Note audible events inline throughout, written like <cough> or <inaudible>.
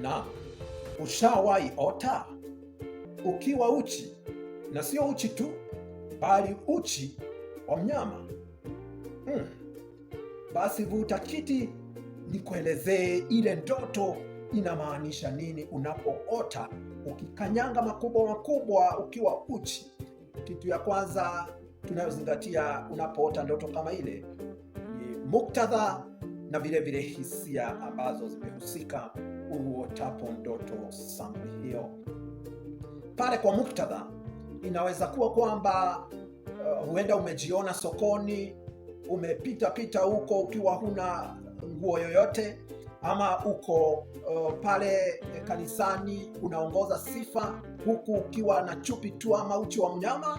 Na ushawahi ota ukiwa uchi, na sio uchi tu, bali uchi wa mnyama hmm. Basi vuta kiti nikuelezee ile ndoto inamaanisha nini unapoota ukikanyanga makubwa makubwa ukiwa uchi. Kitu ya kwanza tunayozingatia unapoota ndoto kama ile ni muktadha na vilevile hisia ambazo zimehusika uotapo ndoto samu hiyo. Pale kwa muktadha, inaweza kuwa kwamba uh, huenda umejiona sokoni, umepita pita huko ukiwa huna nguo yoyote, ama uko uh, pale kanisani unaongoza sifa huku ukiwa na chupi tu ama uchi wa mnyama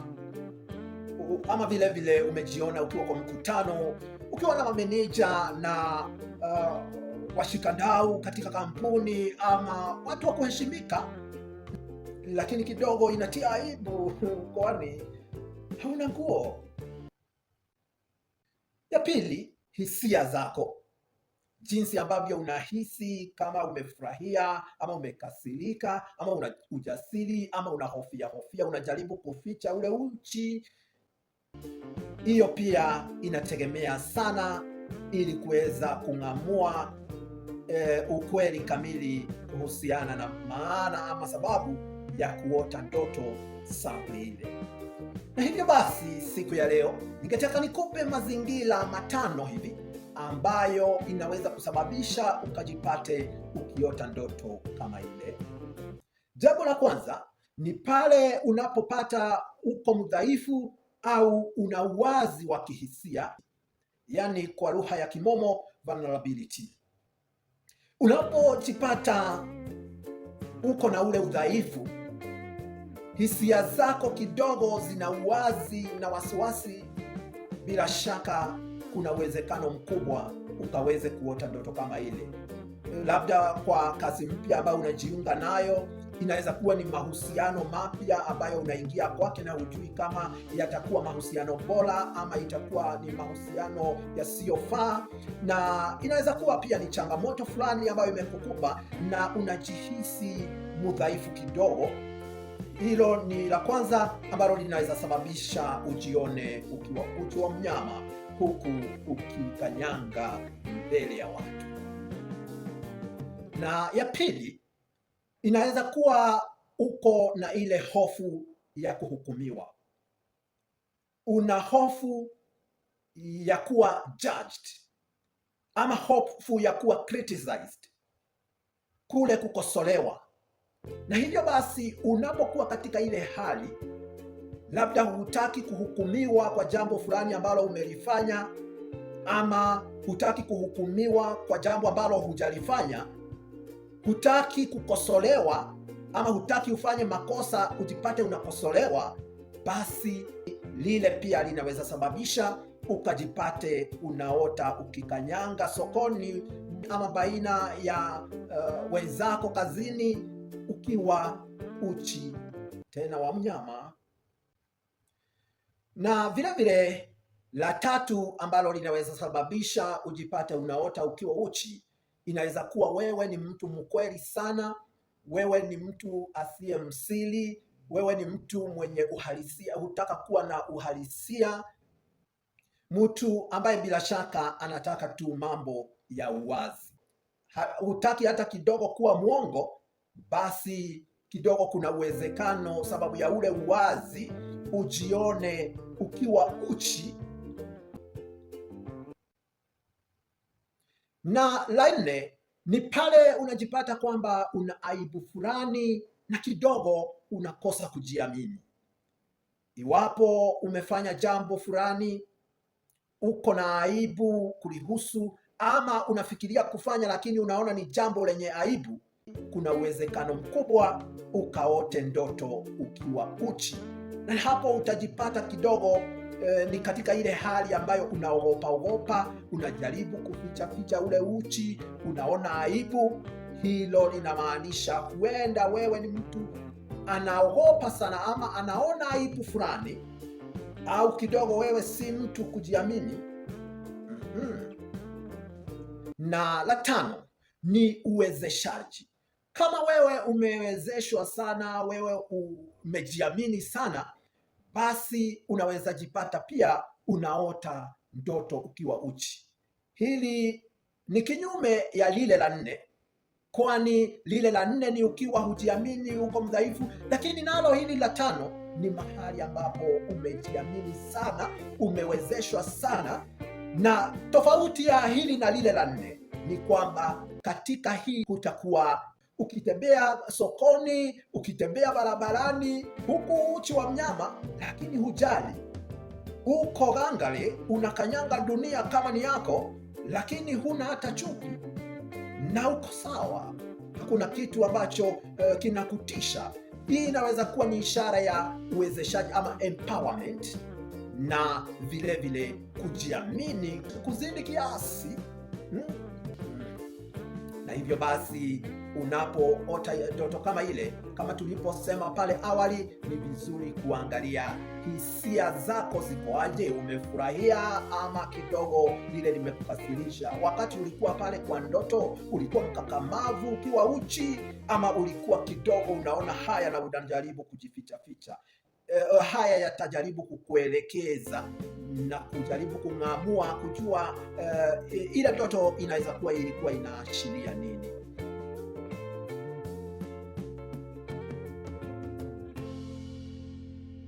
ama vile vile umejiona ukiwa kwa mkutano ukiwa na mameneja na uh, washikadau katika kampuni ama watu wa kuheshimika, lakini kidogo inatia aibu, <laughs> kwani hauna nguo. Ya pili, hisia zako, jinsi ambavyo unahisi, kama umefurahia ama umekasirika ama una ujasiri ama unahofia hofia, unajaribu kuficha ule uchi. Hiyo pia inategemea sana, ili kuweza kung'amua eh, ukweli kamili kuhusiana na maana ama sababu ya kuota ndoto ile. Na hivyo basi, siku ya leo ningetaka nikupe mazingira matano hivi ambayo inaweza kusababisha ukajipate ukiota ndoto kama ile. Jambo la kwanza ni pale unapopata uko mdhaifu au una uwazi wa kihisia, yaani kwa lugha ya kimomo vulnerability. Unapojipata uko na ule udhaifu, hisia zako kidogo zina uwazi na wasiwasi, bila shaka kuna uwezekano mkubwa ukaweze kuota ndoto kama ile labda kwa kazi mpya ambayo unajiunga nayo inaweza kuwa ni mahusiano mapya ambayo unaingia kwake na hujui kama yatakuwa mahusiano bora ama itakuwa ni mahusiano yasiyofaa, na inaweza kuwa pia ni changamoto fulani ambayo imekukumba na unajihisi mudhaifu kidogo. Hilo ni la kwanza ambalo linaweza sababisha ujione ukiwa uchi wa mnyama huku ukikanyanga mbele ya watu na ya pili inaweza kuwa uko na ile hofu ya kuhukumiwa, una hofu ya kuwa judged ama hofu ya kuwa criticized, kule kukosolewa. Na hivyo basi, unapokuwa katika ile hali, labda hutaki kuhukumiwa kwa jambo fulani ambalo umelifanya, ama hutaki kuhukumiwa kwa jambo ambalo hujalifanya hutaki kukosolewa ama hutaki ufanye makosa ujipate unakosolewa, basi lile pia linaweza sababisha ukajipate unaota ukikanyanga sokoni ama baina ya uh, wenzako kazini ukiwa uchi tena wa mnyama. Na vilevile la tatu ambalo linaweza sababisha ujipate unaota ukiwa uchi Inaweza kuwa wewe ni mtu mkweli sana, wewe ni mtu asiye msili wewe ni mtu mwenye uhalisia, hutaka kuwa na uhalisia, mtu ambaye bila shaka anataka tu mambo ya uwazi, hutaki hata kidogo kuwa mwongo. Basi kidogo kuna uwezekano, sababu ya ule uwazi, ujione ukiwa uchi Na la nne ni pale unajipata kwamba una aibu fulani na kidogo unakosa kujiamini. Iwapo umefanya jambo fulani uko na aibu kulihusu, ama unafikiria kufanya lakini unaona ni jambo lenye aibu, kuna uwezekano mkubwa ukaote ndoto ukiwa uchi, na hapo utajipata kidogo Eh, ni katika ile hali ambayo unaogopa ogopa, unajaribu kuficha ficha ule uchi, unaona aibu. Hilo linamaanisha huenda wewe ni mtu anaogopa sana, ama anaona aibu fulani, au kidogo wewe si mtu kujiamini. mm -hmm. Na la tano ni uwezeshaji. Kama wewe umewezeshwa sana, wewe umejiamini sana basi unaweza jipata pia unaota ndoto ukiwa uchi. Hili ni kinyume ya lile la nne, kwani lile la nne ni ukiwa hujiamini, uko mdhaifu, lakini nalo hili la tano ni mahali ambapo umejiamini sana, umewezeshwa sana. Na tofauti ya hili na lile la nne ni kwamba katika hii kutakuwa ukitembea sokoni, ukitembea barabarani, huku uchi wa mnyama, lakini hujali. Uko gangale, unakanyanga dunia kama ni yako, lakini huna hata chuki na uko sawa. Hakuna kitu ambacho uh, kinakutisha. Hii inaweza kuwa ni ishara ya uwezeshaji ama empowerment, na vile vile kujiamini kuzidi kiasi, hmm? hmm? Na hivyo basi unapoota ndoto kama ile, kama tuliposema pale awali, ni vizuri kuangalia hisia zako zikoaje. Umefurahia ama kidogo lile limekukasirisha? Wakati ulikuwa pale kwa ndoto, ulikuwa mkakamavu ukiwa uchi, ama ulikuwa kidogo unaona haya na unajaribu kujifichaficha E, haya yatajaribu kukuelekeza na kujaribu kung'amua kujua e, ile ndoto inaweza kuwa ilikuwa inaashiria nini.